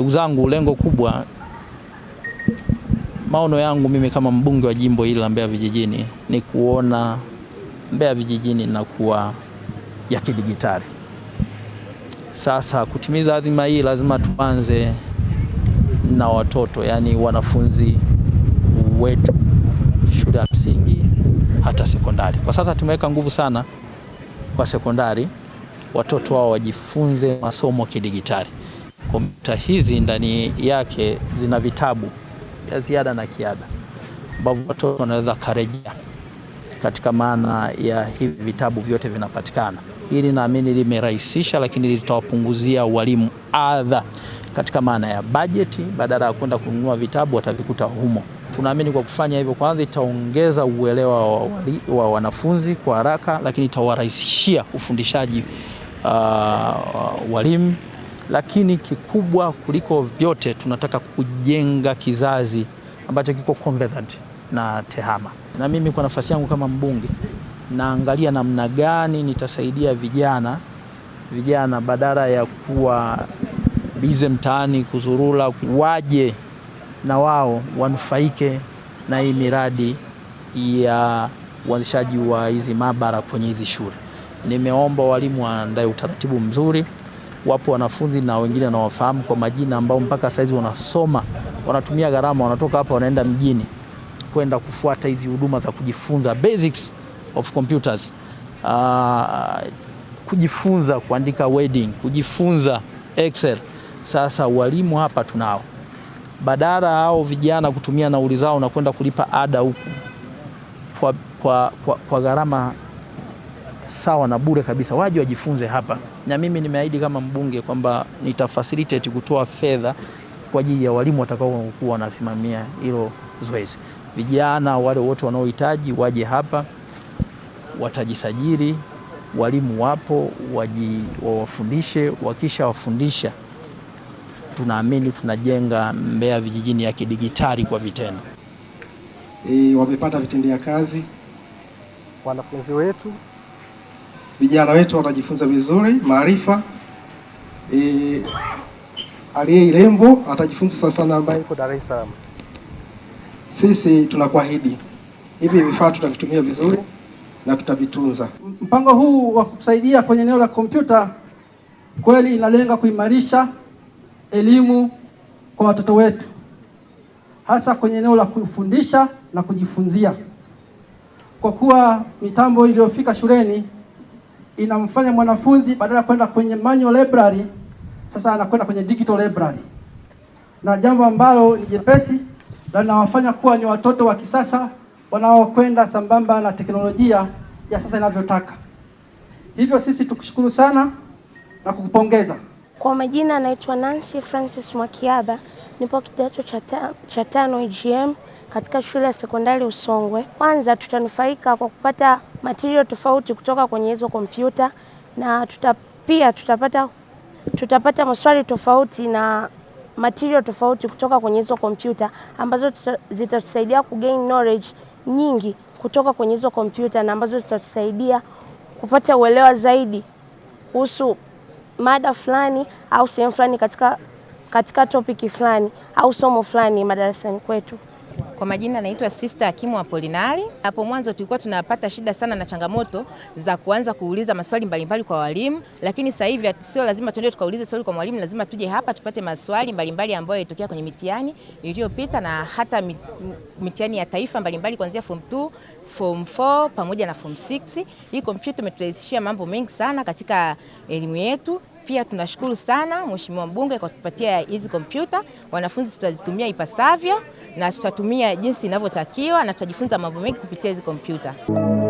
Ndugu zangu, lengo kubwa, maono yangu mimi kama mbunge wa jimbo hili la Mbeya vijijini ni kuona Mbeya vijijini na kuwa ya kidigitali. Sasa kutimiza adhima hii, lazima tuanze na watoto, yaani wanafunzi wetu shule ya msingi hata sekondari. Kwa sasa tumeweka nguvu sana kwa sekondari, watoto wao wajifunze masomo kidigitali. Kompyuta hizi ndani yake zina vitabu vya ziada na kiada ambavyo watoto wanaweza karejea katika maana ya hivi vitabu vyote vinapatikana. Hili naamini limerahisisha, lakini litawapunguzia walimu adha katika maana ya bajeti. Badala ya kwenda kununua vitabu watavikuta humo. Tunaamini kwa kufanya hivyo, kwanza itaongeza uelewa wa, wa wanafunzi kwa haraka, lakini itawarahisishia ufundishaji uh, walimu lakini kikubwa kuliko vyote tunataka kujenga kizazi ambacho kiko competent na TEHAMA. Na mimi kwa nafasi yangu kama mbunge naangalia namna gani nitasaidia vijana vijana, badala ya kuwa bize mtaani kuzurula, waje na wao wanufaike na hii miradi ya uanzishaji wa hizi maabara kwenye hizi shule. Nimeomba walimu waandae utaratibu mzuri wapo wanafunzi na wengine wanawafahamu kwa majina ambao mpaka saizi wanasoma, wanatumia gharama, wanatoka hapa wanaenda mjini kwenda kufuata hizi huduma za kujifunza basics of computers, uh, kujifunza kuandika wedding, kujifunza Excel. Sasa walimu hapa tunao, badala hao vijana kutumia nauli zao na kwenda kulipa ada huku kwa, kwa, kwa, kwa gharama sawa na bure kabisa, waje wajifunze hapa na mimi nimeahidi kama mbunge kwamba nitafacilitate kutoa fedha kwa ajili ya walimu watakaokuwa wanasimamia hilo zoezi. Vijana wale wote wanaohitaji waje hapa, watajisajili. Walimu wapo, waji wawafundishe. Wakisha wafundisha, tunaamini tunajenga Mbeya vijijini ya kidigitali kwa vitendo. E, wamepata vitendea kazi wanafunzi wetu vijana wetu watajifunza vizuri maarifa e, aliye Irembo atajifunza sana sana, ambaye yuko Dar es Salaam. Sisi tunakuahidi hivi vifaa tutavitumia vizuri na tutavitunza. Mpango huu wa kusaidia kwenye eneo la kompyuta kweli inalenga kuimarisha elimu kwa watoto wetu, hasa kwenye eneo la kufundisha na kujifunzia, kwa kuwa mitambo iliyofika shuleni inamfanya mwanafunzi badala ya kwenda kwenye manual library, sasa anakwenda kwenye digital library, na jambo ambalo ni jepesi na linawafanya kuwa ni watoto wa kisasa wanaokwenda sambamba na teknolojia ya sasa inavyotaka. Hivyo sisi tukushukuru sana na kukupongeza. Kwa majina, anaitwa Nancy Francis Mwakiaba, nipo kidato cha tano EGM katika shule ya sekondari Usongwe. Kwanza tutanufaika kwa kupata material tofauti kutoka kwenye hizo kompyuta na tuta, pia tutapata, tutapata maswali tofauti na material tofauti kutoka kwenye hizo kompyuta ambazo zitatusaidia gain knowledge nyingi kutoka kwenye hizo kompyuta na ambazo zitatusaidia kupata uelewa zaidi kuhusu mada fulani au sehemu fulani katika, katika topiki fulani au somo fulani madarasani kwetu. Kwa majina anaitwa Sister Hakimu Apolinari. Hapo mwanzo tulikuwa tunapata shida sana na changamoto za kuanza kuuliza maswali mbalimbali kwa walimu, lakini sasa hivi sio lazima tuende tukaulize swali kwa mwalimu, lazima tuje hapa tupate maswali mbalimbali ambayo yalitokea kwenye mitihani iliyopita na hata mitihani ya taifa mbalimbali kuanzia form 2, form 4 pamoja na form 6. Hii kompyuta imeturahisishia mambo mengi sana katika elimu yetu pia tunashukuru sana Mheshimiwa mbunge kwa kutupatia hizi kompyuta. Wanafunzi tutazitumia ipasavyo na tutatumia jinsi inavyotakiwa na tutajifunza mambo mengi kupitia hizi kompyuta.